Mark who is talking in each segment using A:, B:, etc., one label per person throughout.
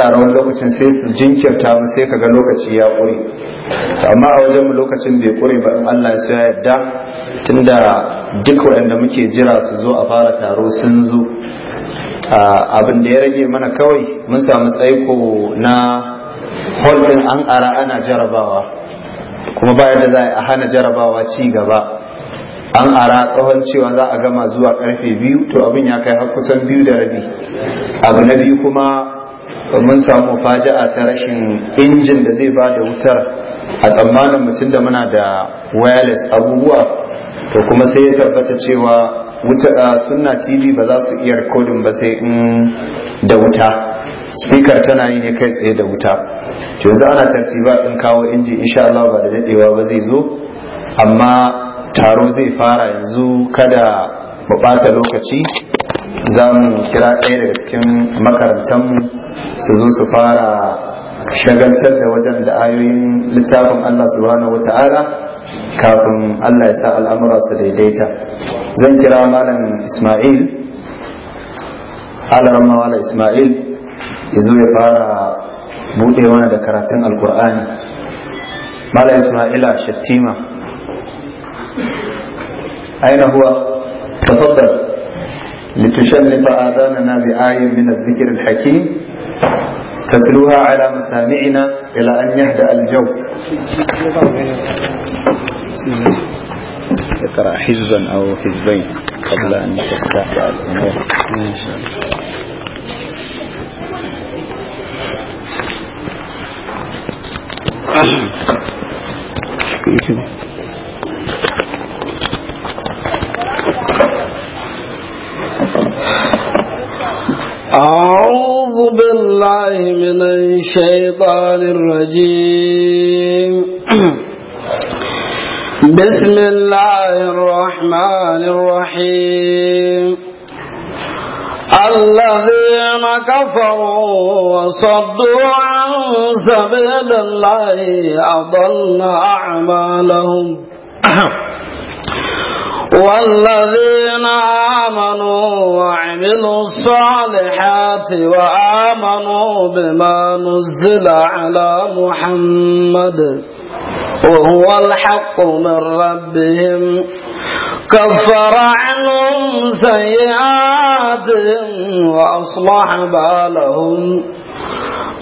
A: yara wani lokacin sai su jinkirta mu sai kaga lokaci ya ƙure amma a wajen mu lokacin bai ƙure ba in Allah ya yarda tunda duk waɗanda muke jira su zo a fara taro sun zo abin da ya rage mana kawai mun samu tsaiko na holdin an ara ana jarabawa kuma bayan da za a hana jarabawa ci gaba an ara tsohon cewa za a gama zuwa karfe biyu to abin ya kai har kusan biyu da rabi abu na biyu kuma mun samu faji'a ta rashin injin da zai ba da wutar a tsammanin mutum da muna da wireless abubuwa to kuma sai ya tabbata cewa wuta sunna tv ba za su iya rikodin ba sai in da wuta speaker tana yi ne kai tsaye da wuta to za ana tartiba in kawo inji insha Allah ba da dadewa ba zai zo amma taro zai fara yanzu kada mu ɓata lokaci za mu kira ɗaya daga cikin makarantanmu su zo su fara shagaltar da wajen da ayoyin littafin Allah subhanahu wata'ala kafin Allah ya sa al'amura su daidaita zan kira malam Ismail alaran mawala Ismail ya zo ya fara buɗe mana da karatun alkur'ani malam Ismaila Shattima aina huwa tafaddal لتشنف آذاننا بآي من الذكر hakim تتلوها على مسامعنا إلى أن يهدأ الجو اقرأ حزبا أو حزبين قبل أن تستعبع الأمور
B: Thank you. بالله من الشيطان الرجيم بسم الله الرحمن الرحيم الذين كفروا وصدوا عن سبيل الله أضل أعمالهم والذين آمنوا وعملوا الصالحات وآمنوا بما نزل على محمد وهو الحق من ربهم كفر عنهم سيئاتهم وأصلح بالهم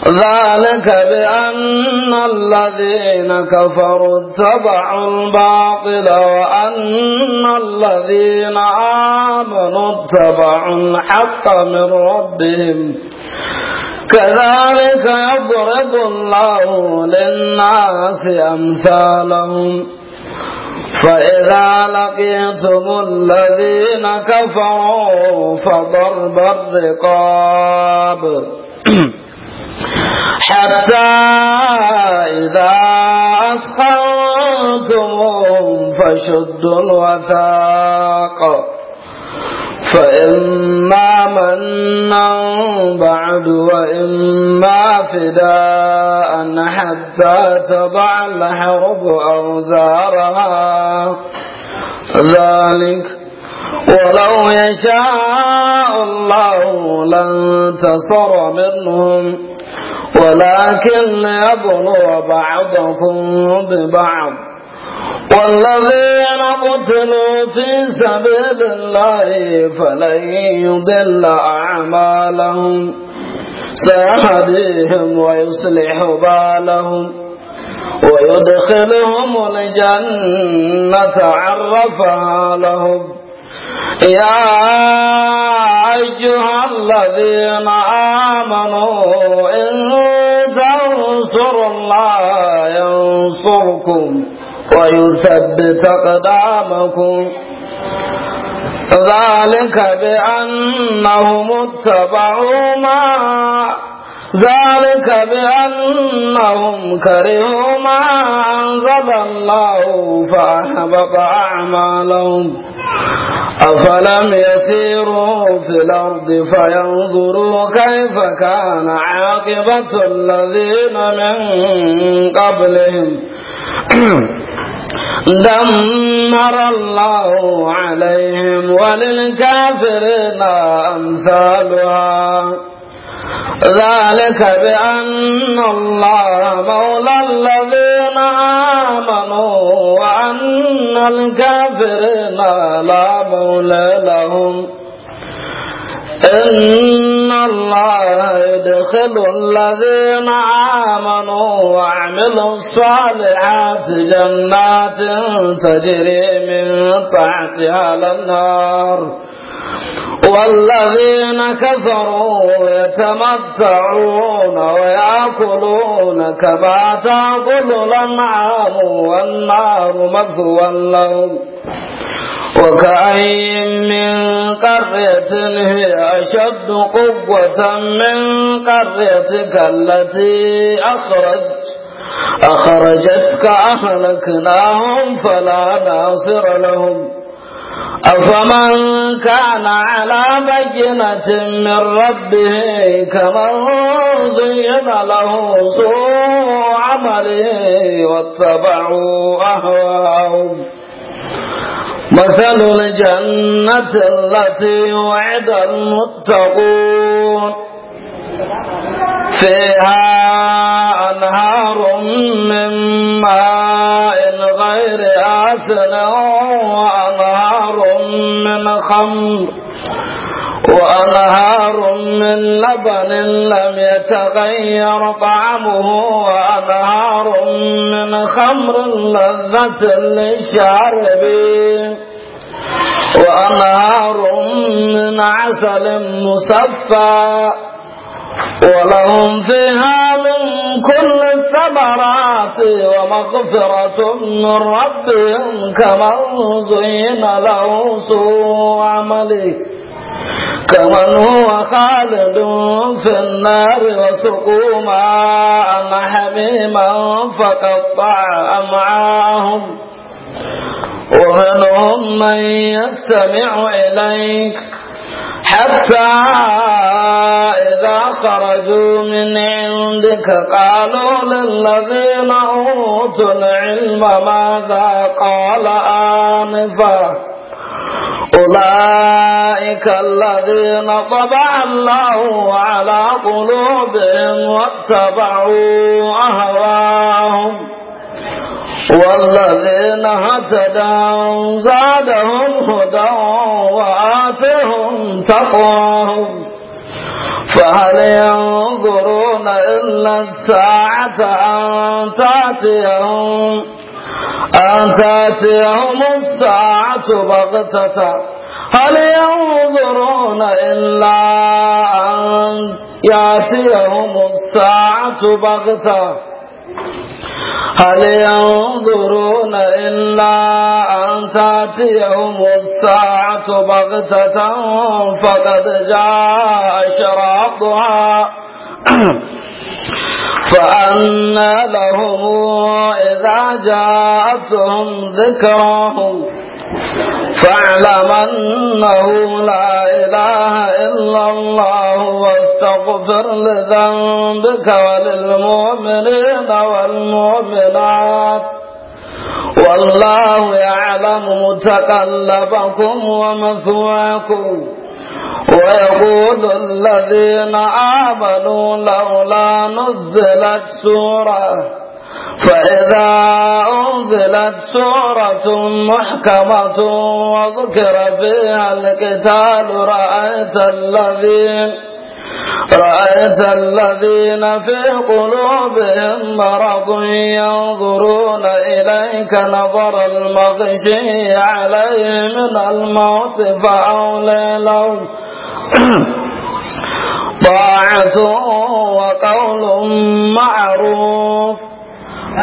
B: ذلك بأن الذين كفروا اتبعوا الباطل وأن الذين آمنوا اتبعوا الحق من ربهم كذلك يضرب الله للناس أمثالهم فإذا لقيتم الذين كفروا فضرب الرقاب حتى إذا أثخنتمهم فشدوا الوثاق فإما منا بعد وإما فداء حتى تضع الحرب أوزارها ذلك ولو يشاء الله لانتصر منهم ولكن ليبلو بعضكم ببعض والذين قتلوا في سبيل الله فلن يضل أعمالهم سيهديهم ويصلح بالهم ويدخلهم الجنة عرفها لهم يا أيها الذين آمنوا إن تنصروا الله ينصركم ويثبت أقدامكم ذلك بأنهم اتبعوا ما ذلك بأنهم كرهوا ما أنزل الله فأحبط أعمالهم أفلم يسيروا في الأرض فينظروا كيف كان عاقبة الذين من قبلهم دمر الله عليهم وللكافرين أمثالها ذلك بأن الله مولى الذين آمنوا وأن الكافرين لا مولى لهم إن الله يدخل الذين آمنوا وعملوا الصالحات جنات تجري من تحتها النار والذين كفروا يتمتعون ويأكلون كما تأكل الأنعام والنار مثوى لهم وكأي من قرية هي أشد قوة من قريتك التي أخرجت أخرجتك أهلكناهم فلا ناصر لهم أفمن كان على بينة من ربه كمن زين له سوء عمله واتبعوا أهواهم مثل الجنة التي وعد المتقون فيها أنهار من ماء غير عسل وأنهار من خمر وأنهار من لبن لم يتغير طعمه وأنهار من خمر لذة للشاربين وأنهار من عسل مصفى ولهم فيها من كل الثمرات ومغفرة من ربهم كمن زين له سوء عمله كمن هو خالد في النار وسقوا ماء حميما فقطع أمعاهم ومنهم من يستمع إليك حتى خرجوا من عندك قالوا للذين أوتوا العلم ماذا قال آنفا أولئك الذين طبع الله على قلوبهم واتبعوا أهواهم والذين هتدوا زادهم هدى وآتهم تقواهم فهل ينظرون إلا الساعة أن تأتيهم أن تأتيهم الساعة بغتة هل ينظرون إلا أن يأتيهم الساعة بغتة هل ينظرون إلا أن تأتيهم الساعة بغتة فقد جاء أشراطها فأنا لهم إذا جاءتهم ذكرهم فاعلم أنه لا إله إلا الله واستغفر لذنبك وللمؤمنين والمؤمنات والله يعلم متقلبكم ومثواكم ويقول الذين آمنوا لولا نزلت سوره فإذا أنزلت سورة محكمة وذكر فيها القتال رأيت الذين رأيت الذين في قلوبهم مرض ينظرون إليك نظر المغشي عليه من الموت فأولي لهم طاعة وقول معروف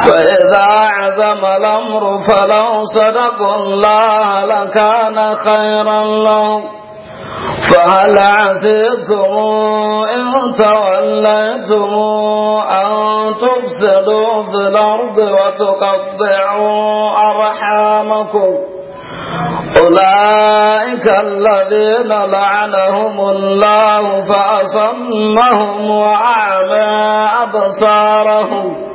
B: فإذا عظم الأمر فلو صدقوا الله لكان خيرا لهم فهل عسيتم إن توليتم أن تفسدوا في الأرض وتقطعوا أرحامكم
C: أولئك
B: الذين لعنهم الله فأصمهم وأعمى أبصارهم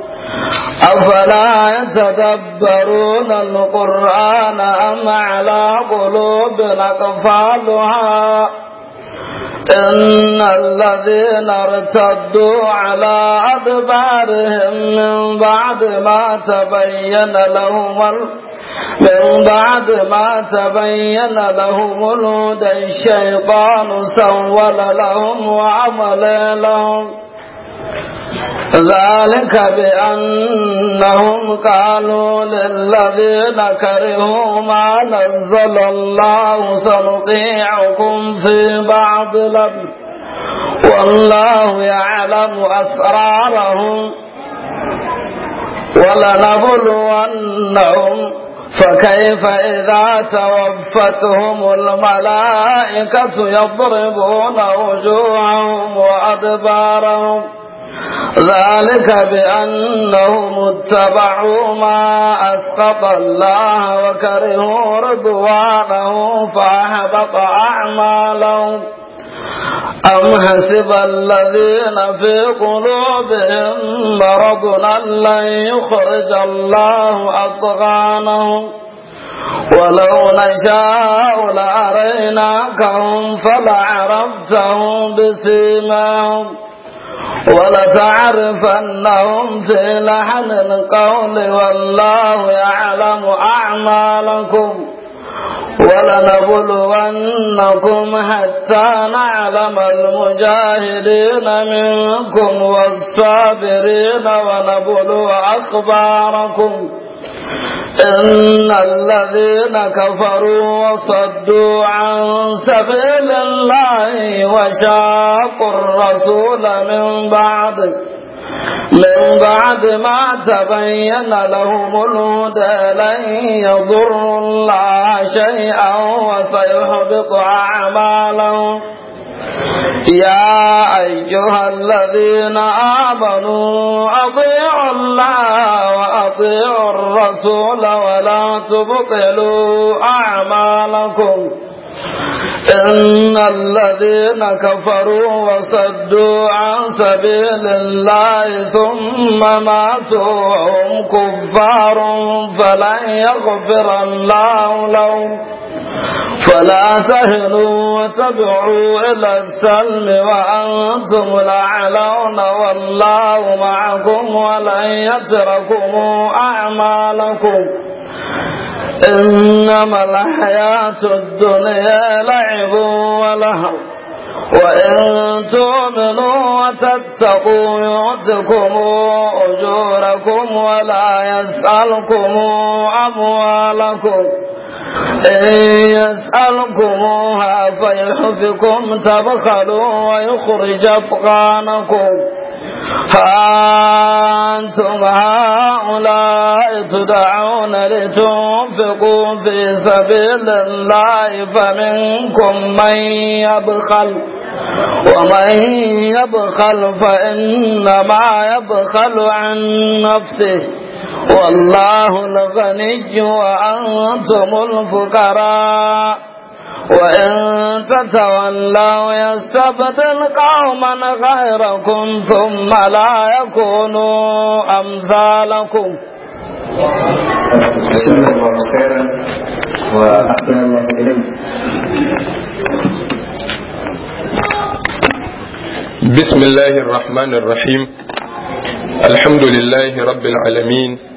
B: أفلا يتدبرون القرآن أم على قلوب أقفالها إن الذين ارتدوا على أدبارهم من بعد ما تبين لهم ال... من بعد ما تبين لهم الهدى الشيطان سول لهم وعمل لهم ذلك بأنهم قالوا للذين كرهوا ما نزل الله سنطيعكم في بعض لب والله يعلم أسرارهم ولنبلونهم فكيف إذا توفتهم الملائكة يضربون وجوههم وأدبارهم ذلك بأنهم اتبعوا ما أسقط الله وكرهوا رضوانه فأحبط أعمالهم أم حسب الذين في قلوبهم مرض لن يخرج الله أضغانهم ولو نشاء لأريناكهم فلعرفتهم بسيماهم ولتعرفنهم في لحن القول والله يعلم أعمالكم ولنبلونكم حتى نعلم المجاهدين منكم والصابرين ونبلو أخباركم إن الذين كفروا وصدوا عن سبيل الله وشاقوا الرسول من بعد من بعد ما تبين لهم الهدى لن يضروا الله شيئا وسيحبط أعمالهم يا أيها الذين آمنوا أطيعوا الله وأطيعوا الرسول ولا تبطلوا أعمالكم إن الذين كفروا وصدوا عن سبيل الله ثم ماتوا وهم كفار فلن يغفر الله لهم فلا تهنوا وتدعوا إلى السلم وأنتم الأعلون والله معكم ولن يتركم أعمالكم إنما الحياة الدنيا لعب ولهو وإن تؤمنوا وتتقوا يؤتكم أجوركم ولا يسألكم أموالكم يسألكموها فيحفكم تبخلوا ويخرج أطغانكم أنتم هؤلاء تدعون لتنفقوا في سبيل الله فمنكم من يبخل ومن يبخل فإنما يبخل عن نفسه والله الغني وأنتم الفقراء وإن تتولوا يستبدل قوما غيركم ثم لا يكونوا أمثالكم
A: بسم الله وأحسن الله
D: بسم الله الرحمن الرحيم الحمد لله رب العالمين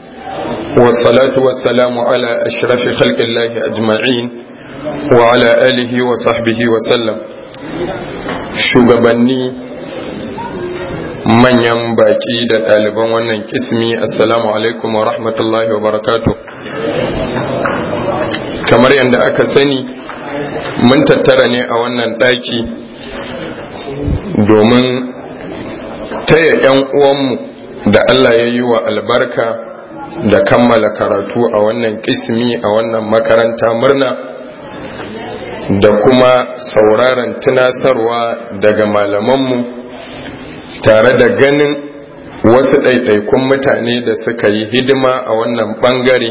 D: والصلاة والسلام على أشرف خلق الله أجمعين وعلى آله وصحبه وسلم
E: shugabanni
D: manyan baƙi da ɗaliban wannan kismi assalamu alaikum wa rahmatullahi wa barakatu kamar yadda aka sani mun tattara ne a wannan ɗaki domin taya 'yan uwanmu da Allah ya yi wa albarka da kammala karatu a wannan kismi a wannan makaranta murna da kuma sauraron tunasarwa daga malamanmu tare da ganin wasu ɗaiɗaikun mutane da suka yi hidima a wannan ɓangare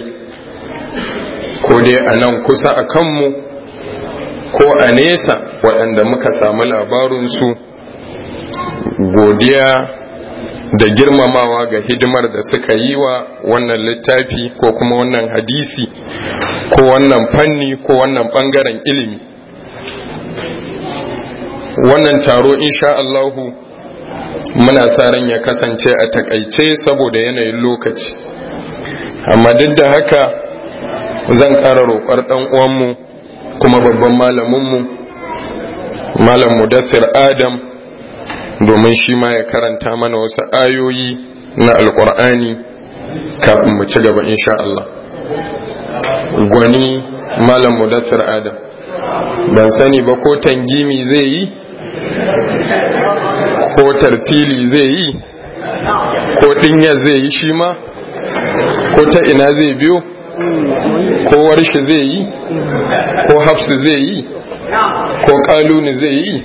D: ko dai a nan kusa a kanmu ko a nesa waɗanda muka samu labarunsu godiya da girmamawa ga hidimar da suka yi wa wannan littafi ko kuma wannan hadisi ko wannan fanni ko wannan bangaren ilimi wannan taro insha Allahu muna sa ran ya kasance a takaice saboda yanayin lokaci amma duk da haka zan ƙara roƙar ɗan uwanmu kuma babban malaminmu malam mudassir adam domin shi ma ya karanta mana wasu ayoyi na alkur'ani kafin mu ci gaba insha Allah gwani malam mudassir adam ban sani ba ko tangimi zai yi ko tartili zai yi ko dinya zai yi shi ma ko ta ina zai biyo ko warshe zai yi ko hafsu zai yi ko kaluni zai yi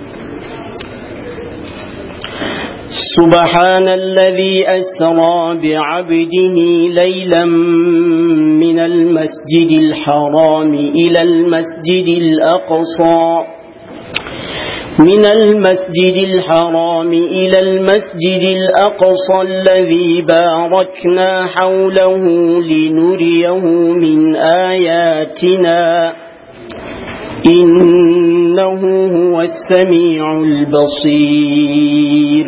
F: سبحان الذي أسرى بعبده ليلا من المسجد الحرام إلى المسجد الأقصى من المسجد الحرام إلى المسجد الأقصى الذي باركنا حوله لنريه من آياتنا إنه هو السميع البصير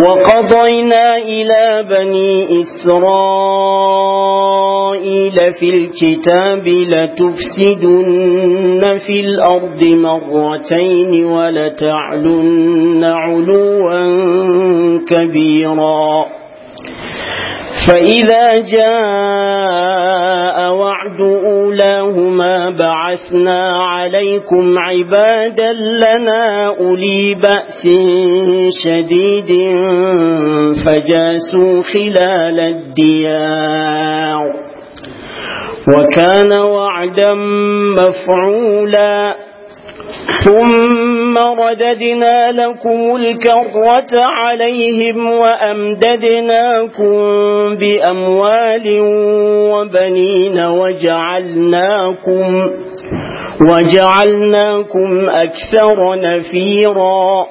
F: وقضينا إلى بني إسرائيل في الكتاب لتفسدن في الأرض مرتين ولتعلن علوا كبيراً فإذا جاء وعد أولاهما بعثنا عليكم عبادا لنا أولي بأس شديد فجاسوا خلال الديار وكان وعدا مفعولا ثم رددنا لكم الكرة عليهم وأمددناكم بأموال وبنين وجعلناكم وجعلناكم أكثر نفيرا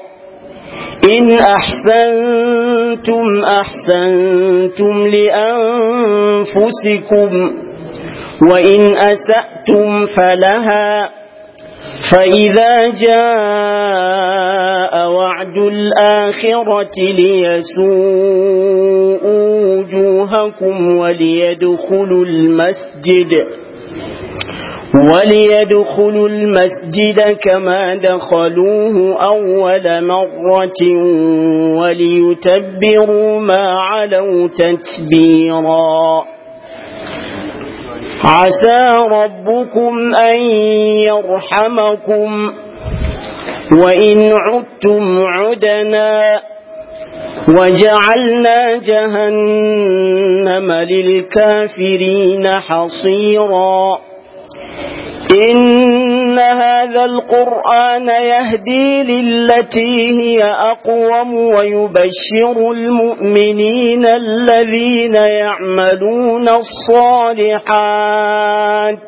F: إن أحسنتم أحسنتم لأنفسكم وإن أسأتم فلها فإذا جاء وعد الآخرة ليسوء وجوهكم وليدخلوا المسجد وليدخلوا المسجد كما دخلوه أول مرة وليتبروا ما علوا تتبيراً عسى ربكم أن يرحمكم وإن عدتم عدنا وجعلنا جهنم للكافرين حصيراً إن هذا القرآن يهدي للتي هي أقوم ويبشر المؤمنين الذين يعملون الصالحات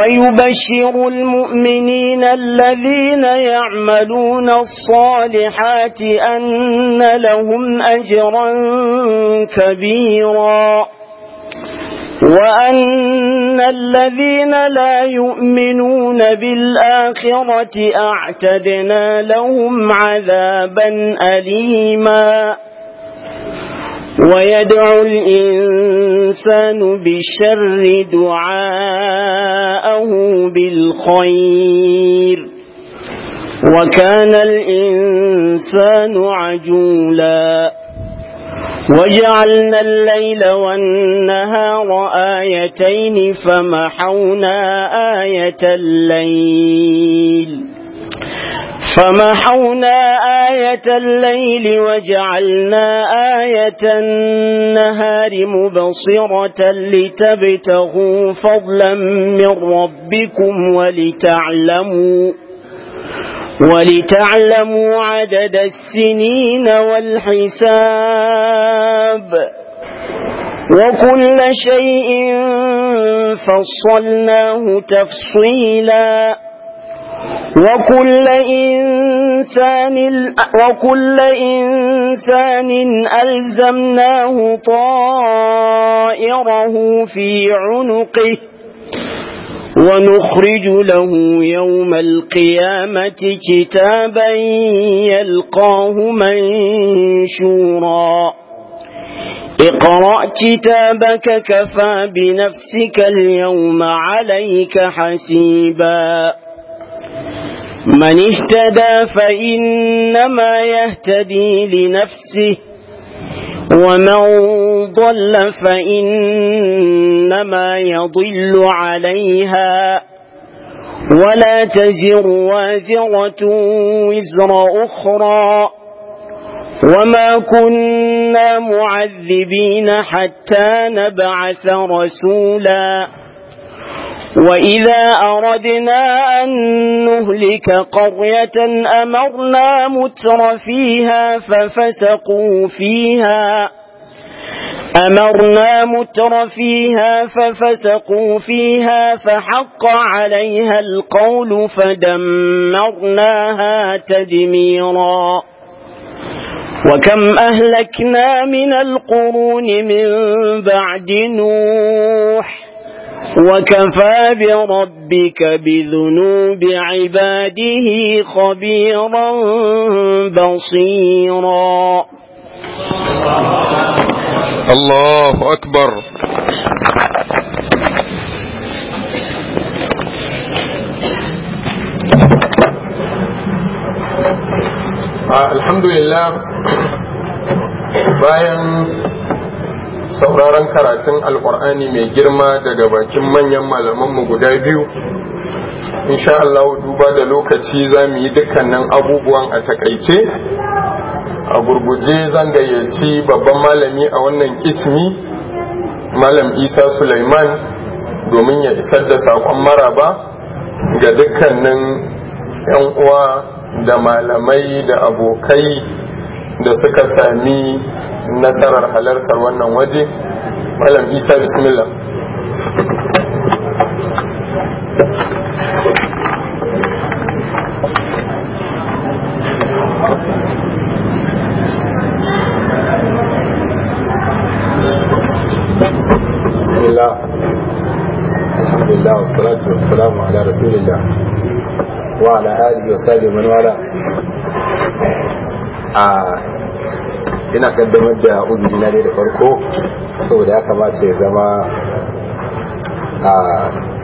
F: ويبشر المؤمنين الذين يعملون الصالحات أن لهم أجرا كبيرا وأن الذين لا يؤمنون بالآخرة أعتدنا لهم عذابا أليما ويدعو الإنسان بالشر دعاءه بالخير وكان الإنسان عجولاً وجعلنا الليل والنهار آيتين فمحونا آية الليل فمحونا آية الليل وجعلنا آية النهار مبصرة لتبتغوا فضلا من ربكم ولتعلموا ولتعلموا عدد السنين والحساب وكل شيء فصلناه تفصيلا وكل إنسان, وكل إنسان ألزمناه طائره في عنقه ونخرج له يوم القيامة كتابا يلقاه منشورا اقرأ كتابك كفى بنفسك اليوم عليك حسيبا من اهتدى فإنما يهتدي لنفسه ومن ضل فإنما يضل عليها ولا تزر وازرة وزر أخرى وما كنا معذبين حتى نبعث رسولا وإذا أردنا أن نهلك قرية أمرنا متر فيها ففسقوا فيها أمرنا متر فيها ففسقوا فيها فحق عليها القول فدمرناها تدميرا وكم أهلكنا من القرون من بعد نوح وكفى بربك بذنوب عباده خبيرا بصيرا الله
D: أكبر الحمد لله bayan sauraron karatun alkur'ani mai girma daga bakin manyan malamanmu guda biyu insha Allah duba da lokaci za mu yi dukkanin abubuwan a takaice a gurguje zan gayyaci babban malami a wannan ismi malam isa Suleiman domin ya isar da saƙon maraba ga dukkanin 'yan uwa da malamai da abokai da suka sami nasarar halartar wannan waje malam isa bismillah
C: الله والصلاة والسلام على رسول الله وعلى آله وصحبه من والاه ina kaddamar da uzuri na da farko saboda ya kamata ya zama a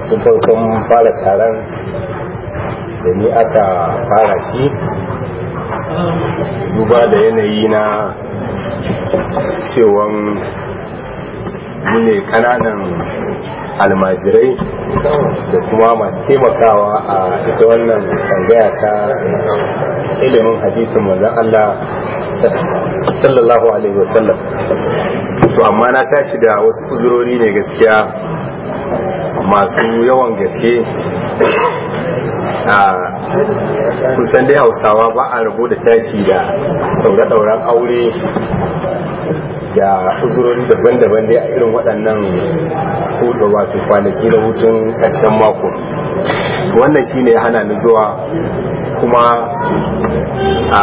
C: tun farkon fara taron da ni aka fara shi duba da yanayi na cewan mune kananan almajirai da kuma masu taimakawa a ita wannan tsangaya ta ilimin hadisin manzon Allah sallallahu alaihi wasallam to amma na tashi da wasu kuzurori ne gaskiya masu yawan gaske ah, kusan dai hausawa ba a rabo da tashi da daure-dauren aure da uzurori daban-daban dai a irin waɗannan mako da wato kwanaki da hutun ƙarshen mako wannan shine ya hana ni zuwa kuma a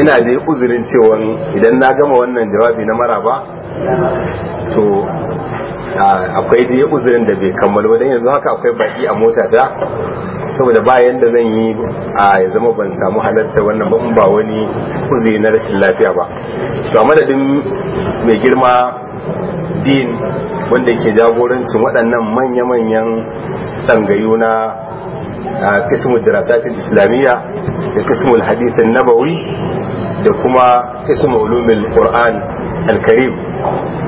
C: ina da uzurin cewa idan na gama wannan jawabi na maraba to akwai da uzurin da bai kammalo don yanzu haka akwai baki a mota ta saboda bayan da zan yi a ya zama ban samu halarta wannan ba ba wani uzuri na rashin lafiya ba to a madadin mai girma din wanda ke jagorancin waɗannan manya-manyan tsangayu na kismul dirasatin islamiyya da kismul hadisin nabawi da kuma kismul ulumin qur'an karim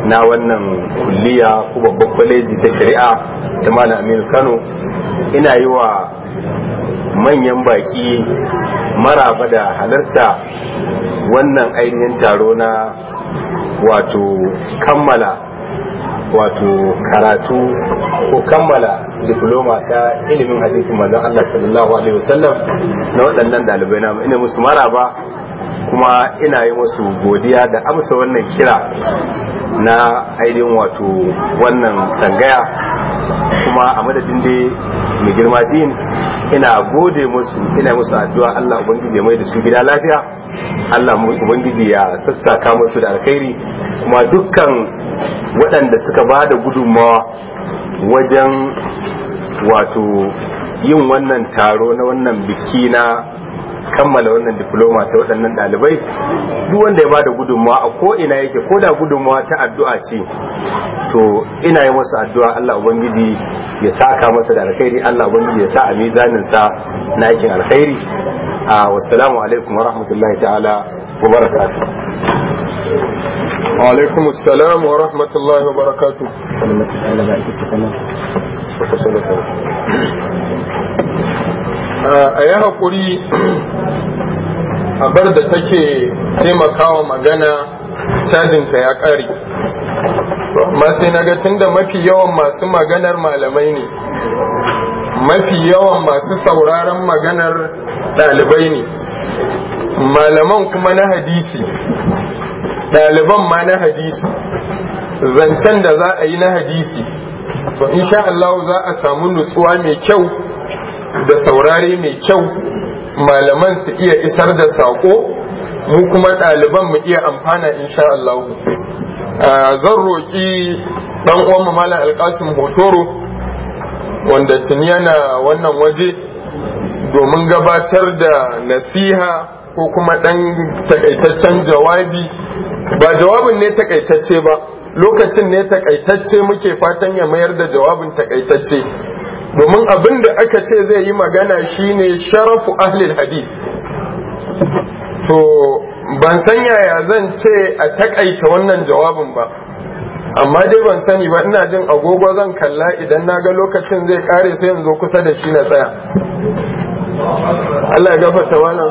C: na wannan kulliya ko babban kwaleji ta shari'a ta malam aminu kano ina yi wa manyan baki maraba da halarta wannan ainihin taro na wato kammala wato karatu ko kammala diploma ta ilimin hadisin manzon Allah sallallahu alaihi wasallam na waɗannan ɗalibai na ina musu maraba kuma ina yi musu godiya da amsa wannan kira na ainihin wato wannan tsangaya. kuma a madadin dai mai girma din ina gode musu ina musu addu'a Allah ubangiji mai da su gida lafiya Allah ubangiji ya sassaka musu da alkhairi kuma dukkan waɗanda suka ba da gudunmawa wajen wato yin wannan taro na wannan biki na kammala wannan diploma ta waɗannan ɗalibai duk wanda ya ba da gudunmawa a ko ina yake ko da gudunmawa ta addu'a ce to ina yi masa addu'a Allah ubangiji ya saka masa da alkhairi Allah ubangiji ya sa a mizanin sa na aikin alkhairi a ah, wassalamu alaikum wa rahmatullahi ta'ala wa barakatuh وعليكم السلام ورحمة
D: الله وبركاته a yi haƙuri abar da take taimakawa magana cajinta ya ƙare masu naga tun mafi yawan masu maganar malamai ne mafi yawan masu sauraron maganar ɗalibai ne malaman kuma na hadisi ɗaliban ma na hadisi zancen da za a yi na hadisi to insha Allah za a samu nutsuwa mai kyau da saurare mai kyau malaman su iya isar da saƙo mu kuma ɗaliban mu iya amfana insha Allah zan roƙi ɗan uwan malam alƙasim hotoro wanda tuni yana wannan waje domin gabatar da nasiha ko kuma ɗan takaitaccen jawabi ba jawabin ne takaitacce ba lokacin ne takaitacce muke fatan ya mayar da jawabin takaitacce domin abin da aka ce zai yi magana shine sharafu ahlil hadith to ban san yaya zan ce a takaita wannan jawabin ba amma dai ban sani ba ina jin agogo zan kalla idan na ga lokacin zai kare sai yanzu kusa da shi na tsaya Allah ya gafarta wannan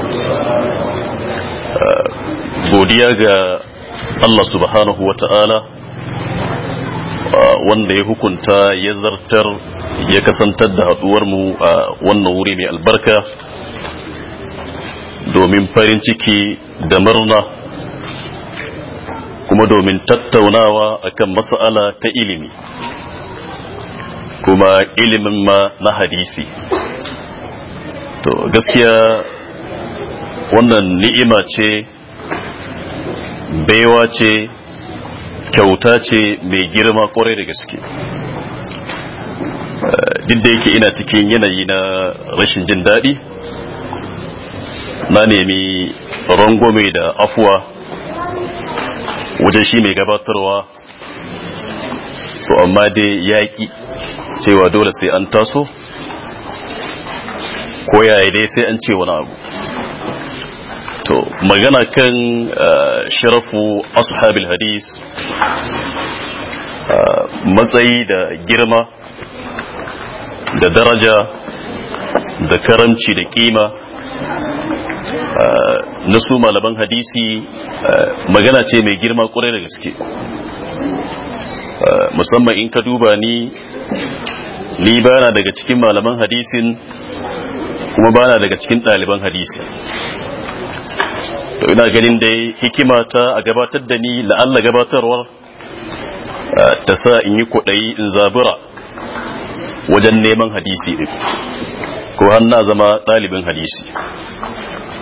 G: godiya ga Allah subhanahu wa ta'ala wanda ya hukunta ya zartar ya kasantar da haɗuwarmu a wannan wuri mai albarka domin farin ciki da murna kuma domin tattaunawa akan mas'ala ta ilimi kuma ilimin ma na hadisi to gaskiya wannan ni'ima ce baiwa ce kyauta ce mai girma kwarai da gaske eh, duk da yake ina cikin yanayi na rashin jin daɗi na nemi rangwame da afuwa wajen shi mai gabatarwa to amma dai yaƙi cewa dole sai an taso ko yaya dai sai an ce wani abu to magana kan eh, sharafu ashabul hadis eh, matsayi da girma da daraja da karamci da kima eh, na su malaman hadisi magana ce mai girma kwarai da gaske musamman in ka duba ni ni bana daga cikin malaman hadisin kuma bana daga cikin ɗaliban hadisin to ina ganin da hikima ta a gabatar da ni la'alla gabatarwar eh, ta sa in yi kwaɗayi in zabura wajen neman hadisi ɗin ko har zama ɗalibin hadisi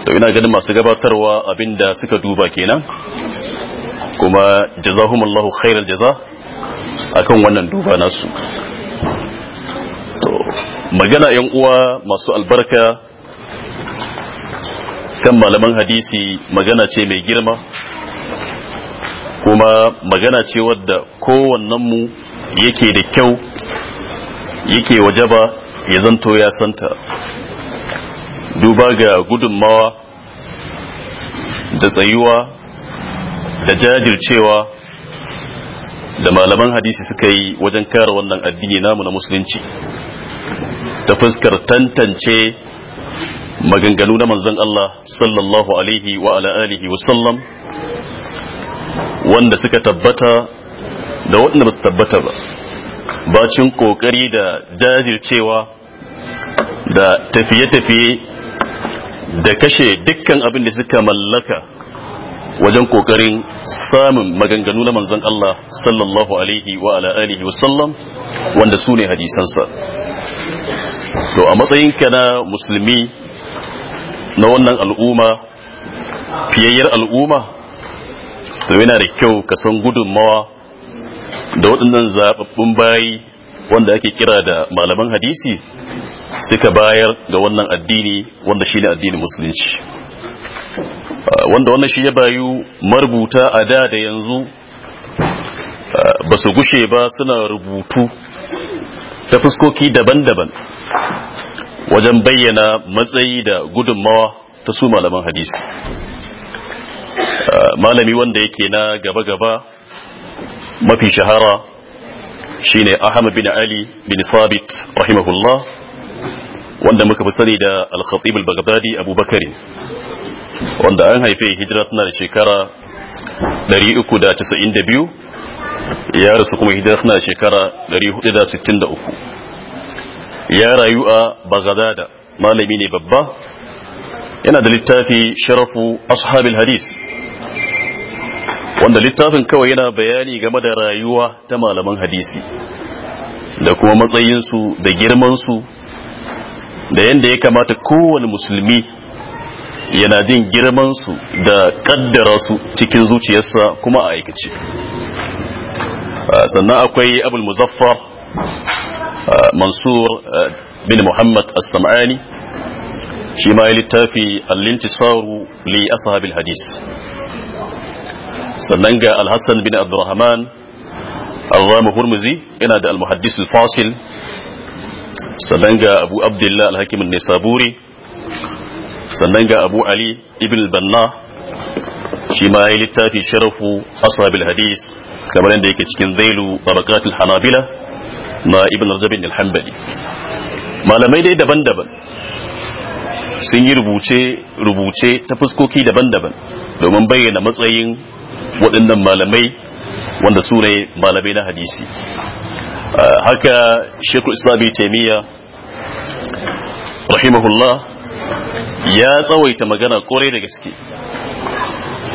G: to ina ganin masu gabatarwa abinda suka duba kenan kuma jazahumallahu khairar jaza akan wannan duba nasu magana yan uwa masu albarka kan malaman hadisi magana ce mai girma kuma magana ce wadda kowannenmu yake da kyau yake wajaba ya zanto ya santa duba ga gudunmawa da tsayuwa da jajircewa da malaman hadisi suka yi wajen kare wannan addini namu na musulunci ta fuskar tantance maganganu na manzon Allah sallallahu alaihi wa ala alihi wa sallam wanda suka tabbata da waɗanda ba su tabbata ba bacin kokari da jajircewa da tafiye-tafiye da kashe dukkan abin da suka mallaka wajen kokarin samun maganganu na manzon Allah sallallahu alaihi wa ala alihi wa sallam wanda su ne hadisansa to a matsayinka na musulmi na wannan al'umma fiyayyar al'umma to yana da kyau ka san gudunmawa da waɗannan zaɓaɓɓun bayi wanda ake kira da malaman hadisi suka bayar ga wannan addini wanda shi ne addinin musulunci ah, wanda wannan shi ya bayu marubuta a da da yanzu ah, ba su gushe ba suna rubutu ta fuskoki daban-daban wajen bayyana matsayi da gudunmawa ta su malaman hadisi ah, malami wanda yake na gaba-gaba mafi shahara shine ahmad bin ali bin sabit rahimahullah wanda muka fi sani da al al-baghdadi abubakari wanda an haife hijira tana da shekara 392 ya rasu kuma hijira tana da shekara 463 ya rayu a bagadada malami ne babba yana da littafi sharafu ashabil hadis wanda littafin kawai yana bayani game da rayuwa ta malaman hadisi da kuma matsayinsu da girmansu da yadda ya kamata kowane musulmi yana jin girmansu da kaddara su cikin zuciyarsa kuma a aikace sannan akwai abul muzaffar آه، منصور آه، بن محمد السمعاني فيما يلتافي الانتصار لأصحاب الحديث سننجا الحسن بن عبد الرحمن الرام هرمزي إن المحدث الفاصل سننجا أبو عبد الله الحكيم النسابوري سننجا أبو علي ابن البناء فيما يلتافي شرف أصحاب الحديث كما عندك ذيلو بركات الحنابلة na ibn rajabin al-hanbali malamai dai daban-daban sun yi rubuce-rubuce ta fuskoki daban-daban domin bayyana matsayin waɗannan malamai wanda su ne malamai na hadisi ah, haka shekul islami taimiyya rahimahullah ya tsawaita magana kore da gaske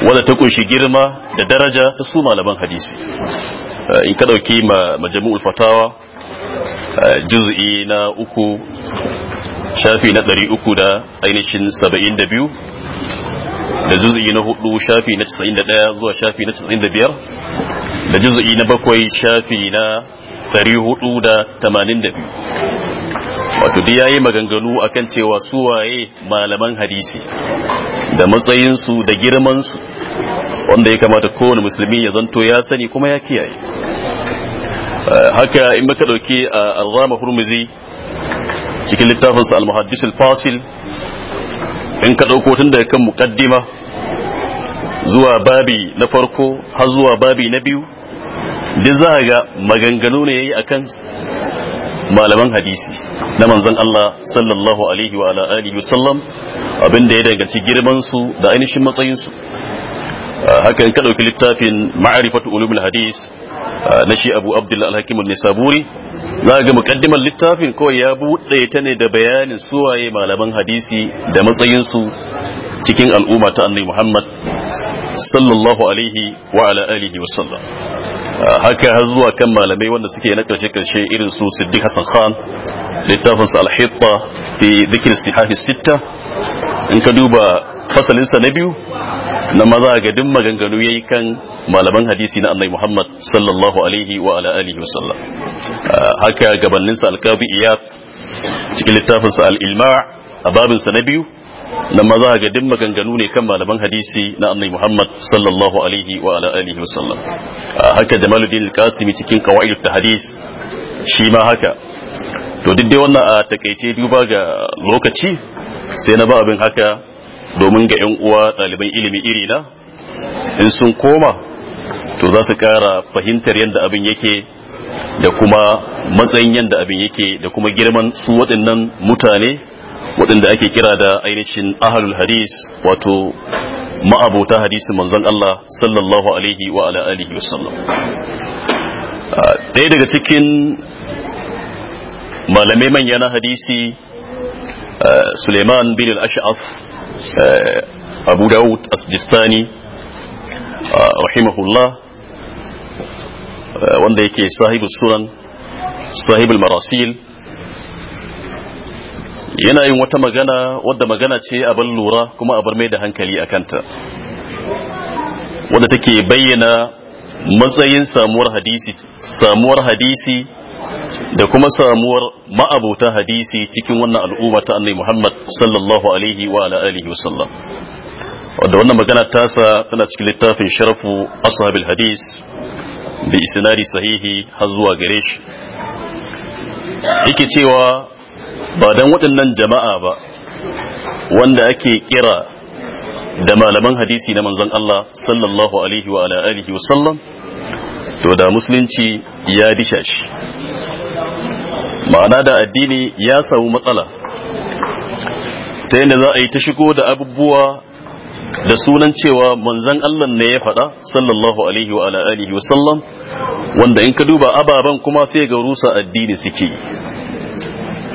G: wadda ta kunshi girma da daraja ta su malaman hadisi ah, in ka ɗauki majamu'ul fatawa Eh, juz'i na uku shafi na ɗari uku da ainihin saba'in da biyu da juz'i na hudu shafi na casa'in da ɗaya zuwa shafi na casa'in da biyar da juz'i na bakwai shafi na ɗari hudu da tamanin da biyu wato ya yi maganganu a kan cewa su waye malaman hadisi da matsayinsu da girmansu wanda ya kamata kowane musulmi ya zanto ya sani kuma ya kiyaye haka in baka dauki al-rama hurmuzi cikin littafin sa al-muhaddis al-fasil in ka dauko tun daga kan muqaddima zuwa babi na farko har zuwa babi na biyu duk za ga maganganu ne yayi akan malaman hadisi na manzon Allah sallallahu alaihi wa alihi wasallam abinda ya danganci girman su da ainihin matsayin su haka in ka dauki littafin ma'rifatu ulumul hadis Ah, na shi abu abdullahi alhakim nisaburi za ga mukaddimar littafin kawai ya buɗe ta ne da bayanin suwaye malaman hadisi da matsayinsu cikin al'umma ta annabi muhammad sallallahu alaihi wa ala alihi wa sallam ah, haka har zuwa kan malamai wanda suke na karshe karshe irin su siddiq hasan khan littafin sa al-hitta fi dhikr sihah sitta in ka duba fasalinsa na biyu na maza ga duk maganganu yayi kan malaman hadisi na annabi Muhammad sallallahu alaihi wa ala alihi wa sallam ah, haka gabaninsa alqabi iyad cikin littafinsa al-ilma a babinsa na biyu na maza ga duk maganganu ne kan malaman hadisi na annabi Muhammad sallallahu alaihi wa ala alihi wa sallam ah, haka Jamaluddin al-Qasimi cikin qawaidut hadis shi ma haka to duk dai wannan a takaice duba ga lokaci sai na ba abin haka domin ga 'yan uwa ɗaliban ilimi iri na in sun koma to za su ƙara fahimtar yadda abin yake da kuma matsayin yadda abin yake da kuma girman su waɗannan mutane waɗanda ake kira da ainihin ahalul hadis wato ma'abota hadisi manzon Allah sallallahu alaihi wa ala alihi wasallam ɗaya daga cikin malamai manyan hadisi Suleiman bin al-Ash'af Eh, abu dawud asjistani eh, rahimahullah eh, wanda yake sahibu suran sahibul marasil yana yin wata magana wadda magana ce a ban lura kuma a bar mai da hankali a kanta wadda take bayyana matsayin samuwar hadisi da kuma samuwar ma'abuta hadisi cikin wannan al'umma ta annabi Muhammad sallallahu alaihi wa alihi wa sallam wannan magana tasa tana cikin littafin sharafu ashabil hadis bi isnadi sahihi har zuwa gare shi yake cewa ba dan waɗannan jama'a ba wanda ake kira da malaman hadisi na manzon Allah sallallahu alaihi wa alihi wa sallam to da musulunci ya risha shi ma'ana da addini ya samu matsala ta yadda za a yi ta shigo da abubuwa da sunan cewa manzan Allah ne ya faɗa sallallahu alaihi wa alaihi wa sallam wanda in ka duba ababen kuma sai ga rusa addini suke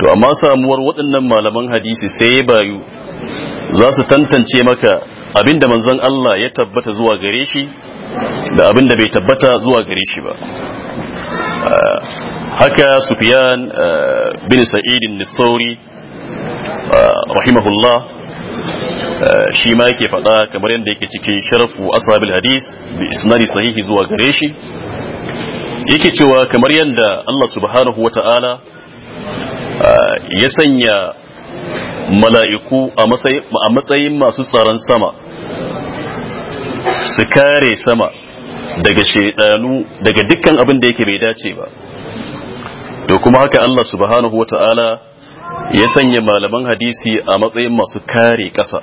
G: to amma samuwar waɗannan malaman hadisi sai ya bayu za su tantance maka abinda manzan Allah ya tabbata zuwa gare shi da abinda bai tabbata zuwa gare shi ba haka Sufyan bin Sa'id nisauri rahimahullah shi ma yake faɗa kamar yadda yake cikin sharafu ashabil hadis bi isnadi sahihi zuwa gare shi yake cewa kamar yadda Allah subhanahu wata'ala ya sanya mala'iku a matsayin masu tsaron sama su kare sama daga shaidanu daga dukkan abin da yake bai dace ba to kuma haka Allah subhanahu ya sanya malaman hadisi a matsayin masu kare ƙasa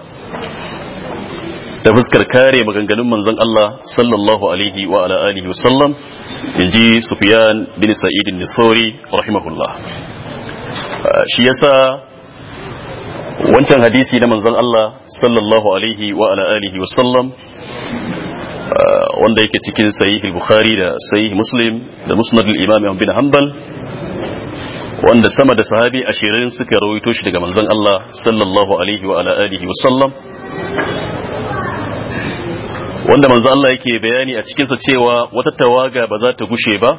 G: ta fuskar kare maganganun manzon Allah sallallahu alaihi wa ala alihi wasallam inji Sufyan bin Sa'id an rahimahullah shi yasa wancan hadisi na manzon Allah sallallahu alaihi wa ala alihi wasallam wanda yake cikin sahihul bukhari da sahih muslim da musnad al-imam bin hanbal wanda sama da sahabi ashirin suka rawaito shi daga manzon Allah sallallahu alaihi wa ala alihi sallam. wanda manzon Allah yake bayani a cikinsa cewa wata tawaga ba za ta gushe ba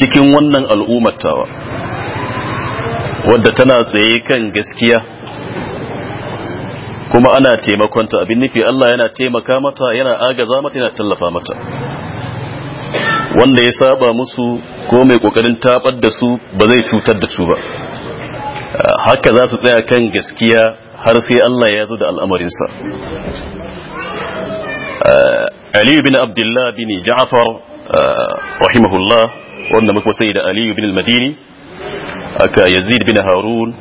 G: cikin wannan al'ummar tawa wadda tana tsaye kan gaskiya kuma ana taimakonta abin nufi Allah yana taimaka mata yana agaza mata yana tallafa mata wanda ya saba musu ko mai kokarin tabar da su ba zai cutar da su ba haka za su tsaya kan gaskiya har sai Allah ya zo da al'amarinsa eh, Ali bin Abdullah bin Ja'far eh, rahimahullah wanda muka sai da Ali bin madini aka Yazid bin Harun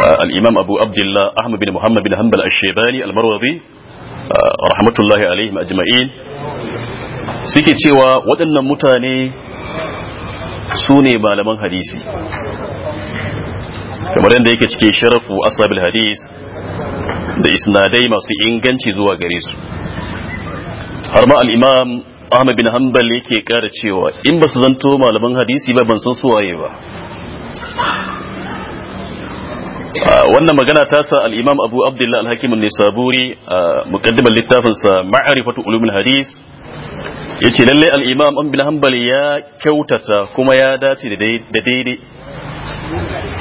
G: al-imam abu abdullah ahmad bin muhammad bin hanbal ash-shaybani al-marwazi rahmatullahi alaihim ajma'in suke cewa waɗannan mutane sune malaman hadisi kamar yadda yake cikin sharafu asabil hadis da isnadai masu inganci zuwa gare su har ma al-imam Ahmad bin Hanbal yake kara cewa in basu zanto malaman hadisi ba ban san su waye ba wannan magana ta sa al-imam abu abdullah al-hakim an-nisaburi muqaddimar littafin sa ma'rifatu ulumul hadis yace lalle al-imam ibn hanbali ya kyautata kuma ya dace da daidai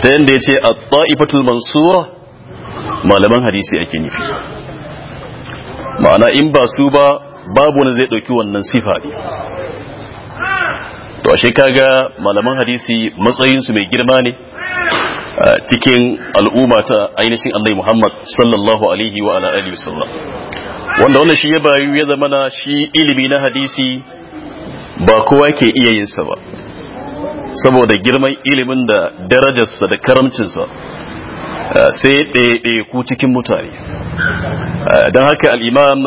G: ta yanda yace at-ta'ifatul mansura malaman hadisi ake nufi ma'ana in ba su ba babu wani zai dauki wannan sifa to ashe kaga malaman hadisi matsayin su mai girma ne cikin al'umma ta ainihin annabi Muhammad sallallahu alaihi wa ala alihi wanda wannan shi ya bayu ya zama na shi ilimi na hadisi ba kowa ke iya yin sa ba saboda girman ilimin da darajarsa da karamcinsa sai ɗaiɗe ku cikin mutane don haka al'imam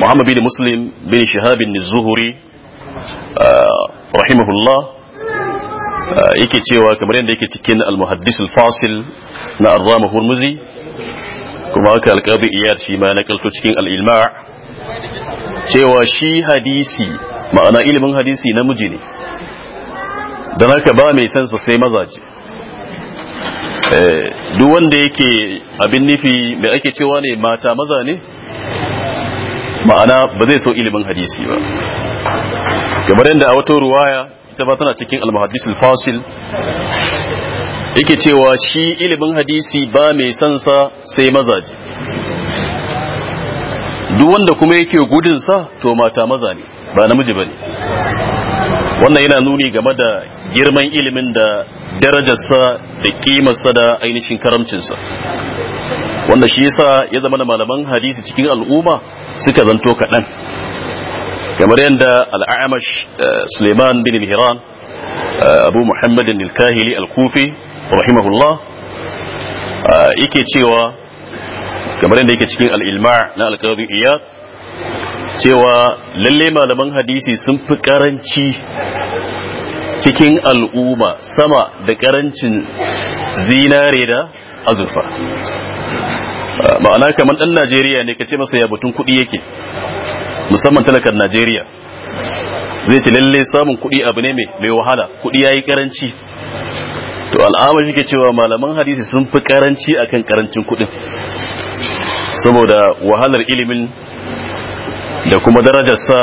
G: muhammad bin muslim bin shahabin zuhuri rahimahullah yake cewa kamar yadda yake cikin al-muhaddis al-fasil na ar hurmuzi kuma haka alqabi iyar shi ma na kalto cikin al-ilma cewa shi hadisi ma'ana ilimin hadisi na namiji ne dan haka ba mai san sai mazaje duk wanda yake abin nufi mai ake cewa ne mata maza ne ma'ana ba zai so ilimin hadisi ba kamar yadda a wata ruwaya littafa tana cikin al-muhaddis al-fasil yake cewa shi ilimin hadisi ba mai sansa sai mazaje duk wanda kuma yake gudun sa to mata maza ne ba namiji bane wannan yana nuni game da girman ilimin da darajarsa da sa da ainihin karamcinsa wanda shi yasa ya zama da malaman hadisi cikin al'umma suka zanto kaɗan kamar yadda al'amash eh, suleiman bin hiran eh, abu muhammadin al-kahili al-kufi rahimahullah eh, yake cewa kamar yadda yake cikin al'ilma na alƙawarin iyad cewa lalle malaman hadisi sun fi karanci cikin al'umma sama da karancin zinare da azurfa ma'ana kamar ɗan najeriya ne ka ce masa ya batun kuɗi yake musamman talakar najeriya zai ce lalle samun kuɗi abu ne mai wahala kuɗi ya yi ƙaranci to al'amar shi ke cewa malaman hadisi sun fi ƙaranci akan karancin kuɗi saboda wahalar ilimin da kuma darajarsa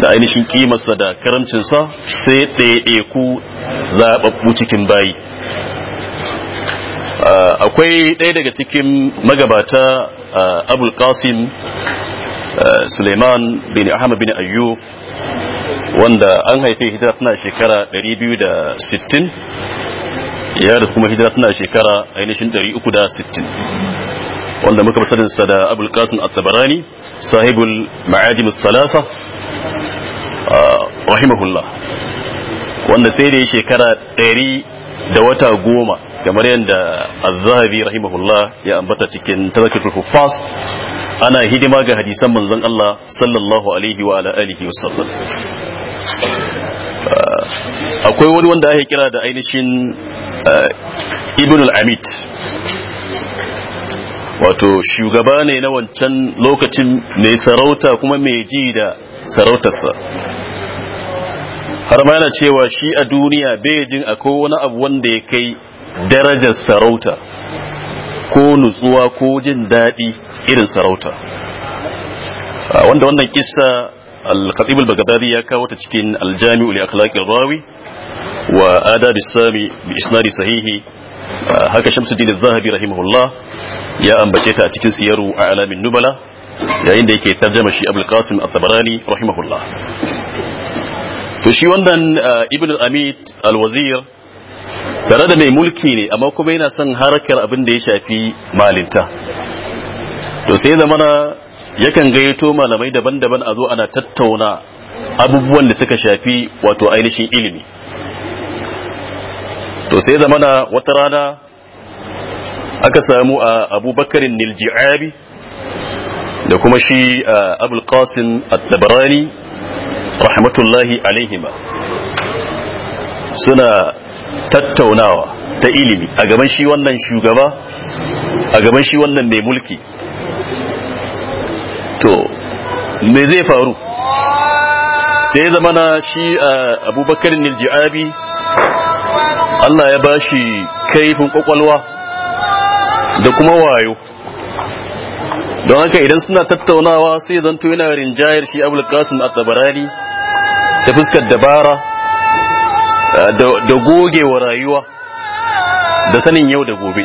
G: da ainihin kimarsa da karamcinsa sai ku zaɓaɓɓu cikin bayi akwai ɗaya daga cikin magabata abul qasim suleiman bin ahmad bin Ayyu wanda an haife hijira tana shekara 260 ya rasu kuma hijira tana shekara ainihin 360 wanda muka fi sa da abul qasim at-tabarani sahibul ma'adim as-salasa rahimahullah wanda sai da ya shekara 100 da wata goma kamar yadda az-zahabi rahimahullah ya ambata cikin tazkiyatul huffaz ana hidima ga hadisan manzon Allah sallallahu alaihi wa ala alihi wa uh, akwai wani wanda ake kira da ainihin uh, ibn al-amit wato shugaba ne na wancan lokacin mai sarauta kuma mai ji da sarautarsa har ma yana cewa shi a duniya bai jin akwai wani abu wanda ya kai darajar sarauta ko nutsuwa ko jin daɗi irin sarauta wanda wannan kisa al-khatib al-baghdadi ya kawo ta cikin al-jami'u li akhlaqi rawi wa adab sami bi isnadi sahihi haka shamsuddin az-zahabi rahimahullah ya ambace ta a cikin siyaru a alamin nubala yayin da yake tarjama shi abul qasim at-tabarani rahimahullah to shi wannan ibn al-amid al-wazir tare da mai mulki ne amma kuma yana son harkar abin da ya shafi malinta to sai zamana yakan gayyato malamai daban-daban a zo ana tattauna abubuwan da suka shafi wato ainihin ilimi to sai mana wata rana aka samu a abubakarin nilji'abi da kuma shi a qasim at rahmatullahi alaihima suna tattaunawa ta ilimi a gaban shi wannan shugaba a gaban shi wannan mai mulki to me zai faru sai zama na shi eh, abubakar nilji'abi Allah ya ba shi kaifin kwakwalwa da kuma wayo don haka idan suna tattaunawa sai zanto yana rinjayar shi da qasim at tabarari ta fuskar dabara da goge wa rayuwa da sanin yau da gobe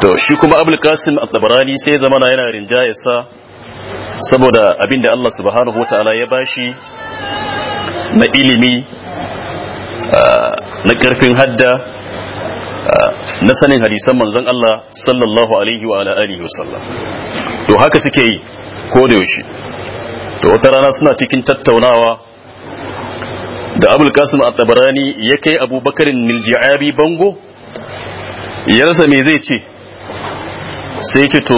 G: to shi kuma abul al at-tabarani sai zamana yana sa saboda abinda Allah subhanahu wataala ya bashi na ilimi na karfin hadda na sanin hadisan manzon Allah sallallahu alaihi wa alihi wasallam to haka suke yi ko da yaushe to wata rana suna cikin tattaunawa da abul kasim a tabarani ya kai abubakarin nilji'abi bango ya rasa me zai ce sai ce to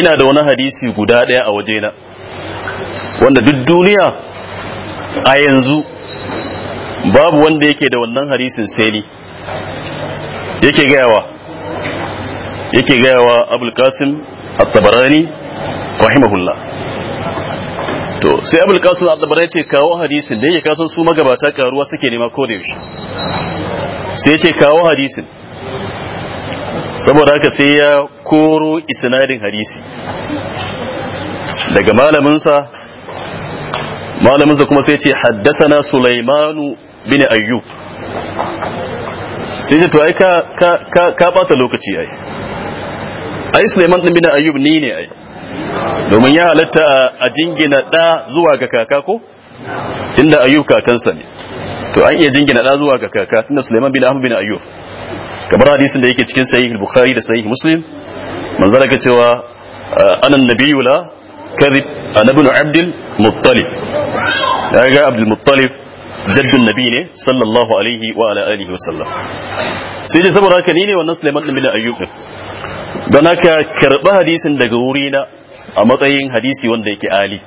G: ina da wani hadisi guda daya a waje na. wanda duk duniya a yanzu babu wanda yake da wannan hadisin sai ni yake gayawa yake gayawa abul kasim a tabarani rahimahullah to sai abul qasim al-dabara yace kawo hadisin da yake kasan su magabata karuwa suke nema ko da yaushe sai yace kawo hadisin saboda haka sai ya koro isnadin hadisi daga malaminsa malaminsa kuma sai ce haddasana sulaiman bin ayyub sai ce to ai ka ka ka bata lokaci ai ai sulaiman bin ayyub ni ne ai domin ya halatta a jingina ɗa zuwa ga kaka ko inda ayyub kakansa ne to an iya jingina ɗa zuwa ga kaka tunda suleiman bin ahmad bin ayyub kamar hadisin da yake cikin sahih bukhari da sahih muslim manzara ka cewa ah, anan nabiyyu la karib ana ibn abdul muttalib ya ga abdul muttalib jaddun nabi ne sallallahu alaihi wa ala alihi wasallam sai dai saboda haka ni ne wannan suleiman bin ayyub don haka karba hadisin daga wurina a matsayin hadisi wanda yake ali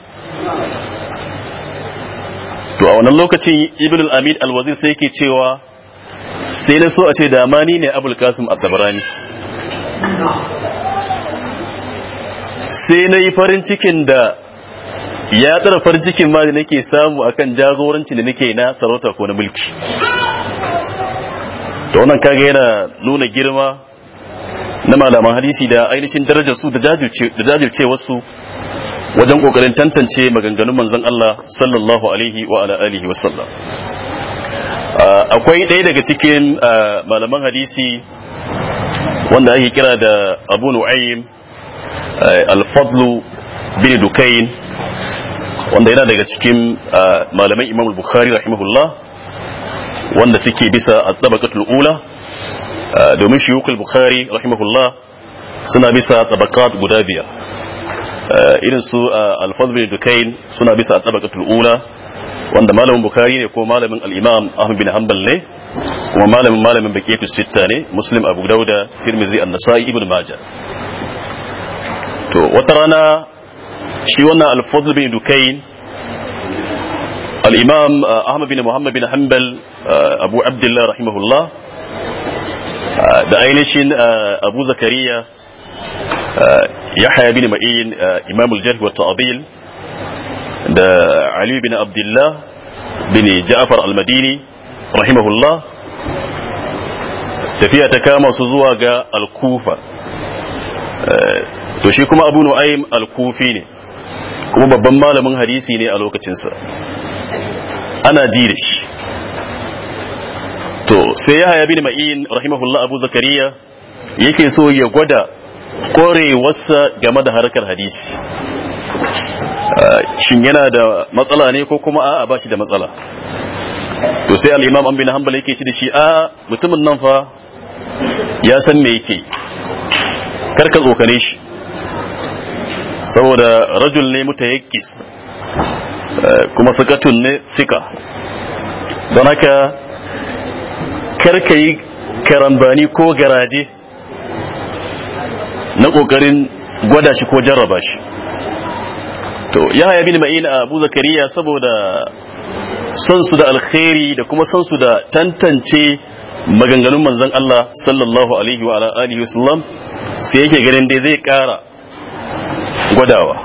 G: to a wannan lokacin ibn al-amid al-wazir sai yake cewa sai na so a ce dama ni ne abul qasim at-tabarani sai na yi farin cikin da ya tsara farin cikin ma da nake samu akan jagoranci da nake na sarauta ko na mulki to wannan kaga yana nuna girma na malaman hadisi da ainihin darajar su da jajirce wasu wajen kokarin tantance maganganun manzon Allah sallallahu alaihi wa ala alihi wa sallam akwai ɗaya daga cikin malaman hadisi wanda ake kira da Abu Nu'aym al bin dukain wanda yana daga cikin malaman Imam Bukhari rahimahullah wanda suke bisa a tabaqatul ula domin shiyukul bukhari rahimahullah suna bisa tabaqat guda biyar irin su al-fadl bin dukain suna bisa tabakatul ula wanda malamin bukhari ne ko malamin al-imam ahmad bin hanbal ne kuma malamin malamin bakiyatu sitta ne muslim abu dauda tirmizi an-nasa'i ibn majah to wata rana shi wannan al-fadl bin dukain al-imam ahmad bin muhammad bin hanbal abu abdullah rahimahullah da ainihin abu zakariya yahya bin ma'in imamul jarh wa ta'dil da ali bin abdullah bin ja'far al-madini rahimahullah tafiya ta kama su zuwa ga al-kufa to shi kuma abu nu'aim al-kufi ne kuma babban malamin hadisi ne a lokacinsa ana ji da shi to sai ya haya bin ma'in rahimahullah abu zakariya yake so ya gwada wasa game da harkar hadisi uh, shin yana da matsala ne ko kuma a'a ba shi da matsala to sai al-imam an bin hanbal yake shi da shi a mutumin nan fa ya san me yake karka tsokane shi saboda rajul ne mutayakkis uh, kuma sakatun ne sika don haka karka yi karambani ko garaje na kokarin gwada shi ko jarraba shi to ya haya bin ma'ina abu zakariya saboda son su da alkhairi da kuma son su da tantance maganganun manzon Allah sallallahu alaihi wa alihi wasallam sai yake ganin dai zai kara gwadawa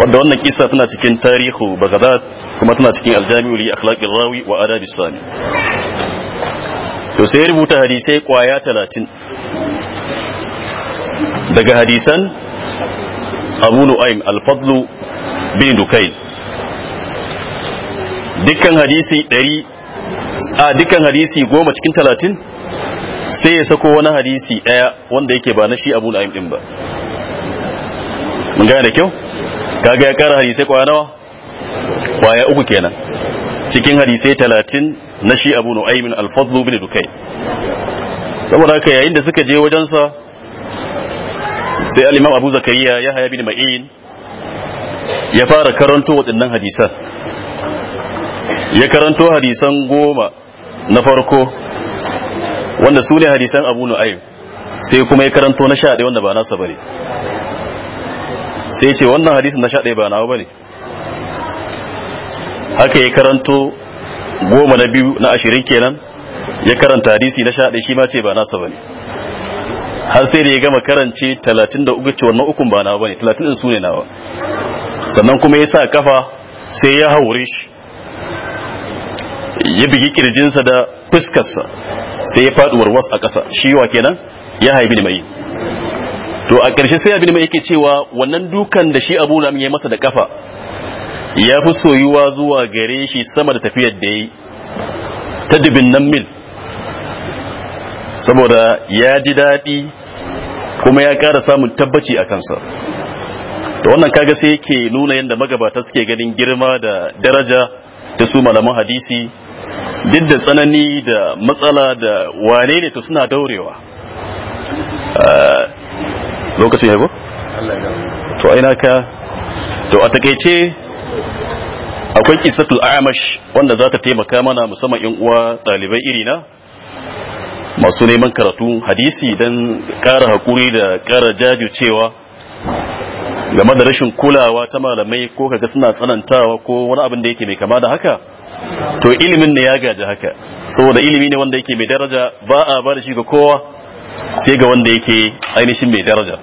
G: wanda wannan kisa tana cikin tarihu bagdad kuma tana cikin aljami'ul akhlaqir rawi wa adabis to sai rubuta hadisai kwaya talatin daga hadisan abu nu'aim alfadlu bin dukail dukkan hadisi ɗari a dukkan hadisi goma cikin talatin sai ya sako wani hadisi ɗaya wanda yake ba na shi abu nu'aim ɗin ba mun gane da kyau kaga ya kara hadisai kwaya nawa kwaya uku kenan cikin hadisai talatin na shi abu nu'aymin al-fadlu bin dukai saboda haka yayin da suka je wajensa sai alimam abu zakariya ya haya bin ma'in ya fara karanto waɗannan hadisan ya karanto hadisan goma na farko wanda su ne hadisan abu nu'aym sai kuma ya karanto na sha wanda ba nasa bane sai ce wannan hadisan na sha ba nawa bane haka ya karanto goma na biyu na ashirin kenan ya karanta hadisi na shaɗe shi ma ce ba nasa bane har sai da ya gama karance talatin da uku ce wannan ukun ba nawa bane talatin ɗin su ne nawa sannan kuma ya sa kafa sai ya haure shi ya bigi kirjinsa da fuskarsa sai ya faɗi warwas a ƙasa shi wa kenan ya haibi mai to a ƙarshe sai abin mai yake cewa wannan dukan da shi abu lamin ya masa da kafa ya fi soyuwa zuwa gare shi sama da tafiyar da yi ta dubin nan mil saboda ya ji daɗi kuma ya ƙara samun tabbaci a kansa da wannan kaga sai yake nuna yadda magabata suke ganin girma da daraja ta su malaman hadisi duk da tsanani da matsala da wane ne to suna daurewa eh, lokacin yabo to aina ka to a takaice akwai kisatul amash wanda za ta taimaka mana musamman yan uwa ɗalibai na? masu neman karatu hadisi don kara haƙuri da kara jajircewa game da rashin kulawa ta malamai ko kaga suna tsanantawa ko wani abin da yake mai kama da haka to ilimin ne ya gaji haka saboda ilimi ne wanda yake mai daraja ba a ba da shi ga kowa sai ga wanda yake ainihin mai daraja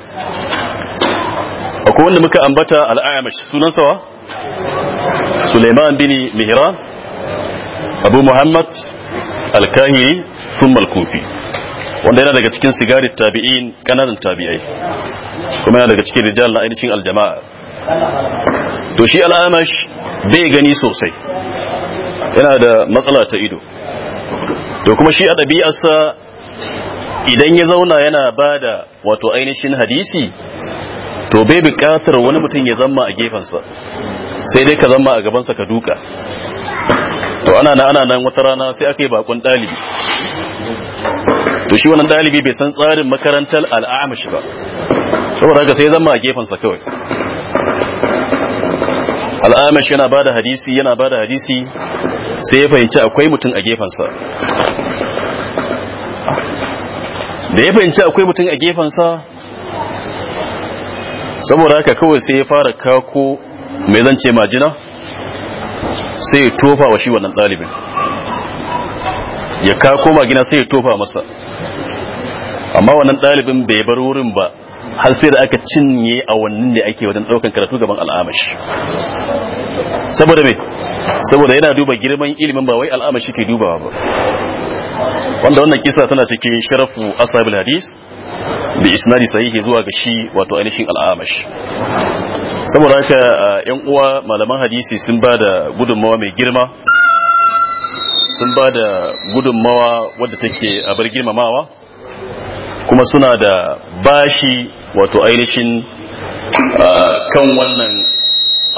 G: akwai wanda muka ambata al'amash sunan sawa سليمان بن مهران أبو محمد الكاهلي ثم الكوفي wanda yana daga cikin sigarin tabi'in kananan tabi'ai kuma yana daga cikin rijal na ainihin aljama'a to shi al'amash bai gani sosai yana da matsala ta ido to kuma shi a ɗabi'arsa idan ya zauna yana ba da wato ainihin hadisi to bai buƙatar wani mutum ya zama a gefensa sai dai ka zama a gabansa ka duka to ana nan ana nan wata rana sai aka yi bakon ɗalibi to shi wannan dalibi bai san tsarin makarantar al'amish ba saboda haka sai zama a gefensa kawai al'amish yana bada hadisi yana bada hadisi sai ya fahimci akwai mutum a gefensa da ya fahimci akwai mutum a gefensa saboda haka kawai sai ya fara kako mai zan ce majina sai ya tofa wa shi wannan ɗalibin ya ka koma gina sai ya tofa masa amma wannan ɗalibin bai bar wurin ba har sai da aka cinye a wannan da ake wajen ɗaukan karatu gaban al'amashi saboda mai saboda yana duba girman ilimin ba wai al'amashi ke dubawa ba wanda wannan kisa tana cikin sharafu ashabul hadis bi isnadi sahihi zuwa ga shi wato ainihin al'amash saboda haka yan uwa malaman hadisi sun ba da gudunmawa mai girma sun ba da gudunmawa wadda take abar girmamawa kuma suna da bashi wato ainihin kan wannan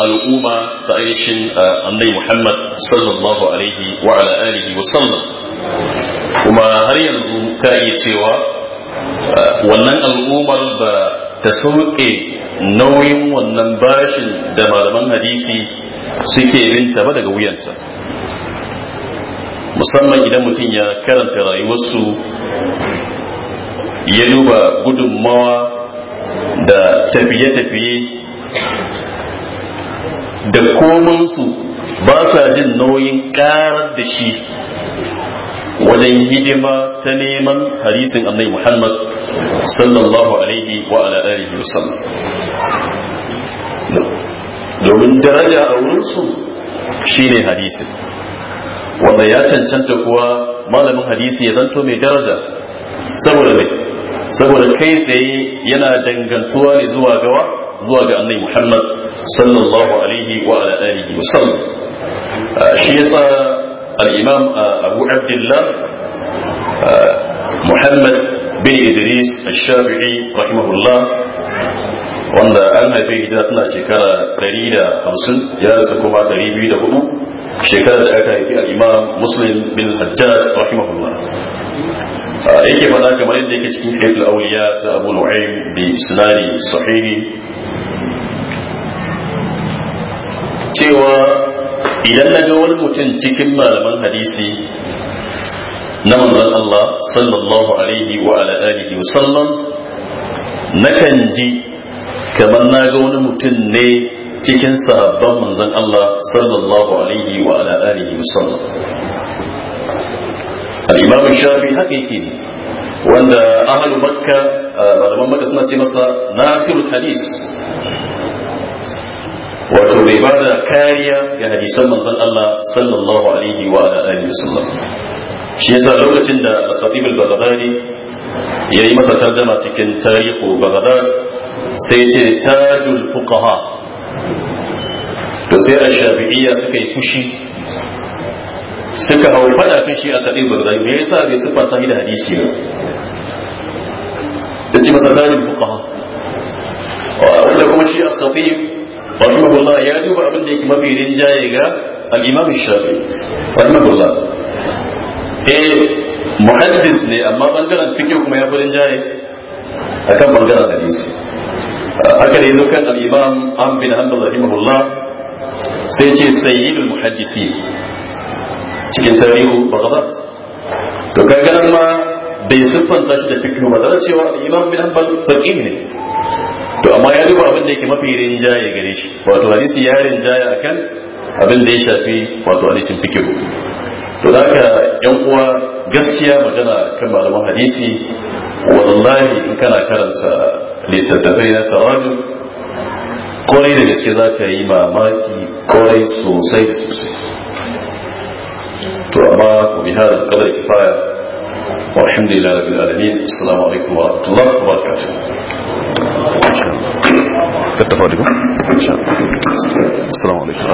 G: al'umma ta ainihin annai muhammad sallallahu alaihi wa ala alihi wa sallam kuma har yanzu ka iya cewa wannan al'ummar ba ta sauke nauyin wannan bashin da malaman hadisi suke binta ba daga wuyanta musamman idan mutum ya karanta rayuwarsu ya duba gudunmawa da tafiye-tafiye da komansu ba sa jin nauyin karar da shi wajen hidima ta neman hadisin annabi Muhammad sallallahu alaihi wa ala alihi wasallam domin daraja a wurinsu shine hadisin wanda ya cancanta kuwa malamin hadisi ya zanto mai daraja saboda mai saboda kai tsaye yana dangantuwa ne zuwa gawa zuwa ga annabi Muhammad sallallahu alaihi wa ala alihi wasallam shi yasa الإمام أبو عبد الله محمد بن إدريس الشافعي رحمه الله wanda an haife hijira tana shekara 150 ya rasa kuma 204 shekarar da aka haifi al-imam muslim bin hajjaj rahimahullah yake faɗa kamar yadda yake cikin haifin auliya ta abu nu'aym bi sinani sahihi cewa idan na ga wani mutum cikin malaman hadisi na manzon Allah sallallahu alaihi wa ala alihi wa sallam nakan ji kamar na ga wani mutum ne cikin sahabban manzon Allah sallallahu alaihi wa ala alihi wa sallam al-imam shafi haka yake ji wanda ahlu makka malaman makka suna ce masa nasirul hadis wato bai ba da kariya ga hadisan manzon Allah sallallahu alaihi wa ala alihi wasallam shi yasa lokacin da Asatib al-Baghdadi yayi masa tarjama cikin tarihu Baghdad sai ce tajul fuqaha to sai ash-Shafi'iyya suka yi fushi suka hau fada kan shi a tadin Baghdadi me yasa bai sifa ta da hadisi ba yace masa tajul fuqaha wanda kuma shi Asatib rahimahullah ya duba abin da yake mafi rinjaye ga al-imam shafi rahimahullah eh muhaddis ne amma bangaren fike kuma ya fi rinjaye akan bangaren hadisi haka ne kan al-imam an bin hanbal rahimahullah sai ce sayyidul muhaddisi cikin tarihu baghdad to kaga nan ma bai siffanta shi da fiqh ba da cewa al-imam bin hanbal faqih ne to amma ya duba abin da yake mafi rinjaye gare shi wato hadisi ya rinjaya akan abin da ya shafi wato hadisin fikiru to haka yan uwa gaskiya magana kan malaman hadisi wallahi in kana karanta littattafai na tawaju kore da gaske za ka yi mamaki kore sosai da sosai to amma ku bi hadal qadar kifaya والحمد لله رب العالمين السلام عليكم ورحمه الله وبركاته
E: التفارق السلام عليكم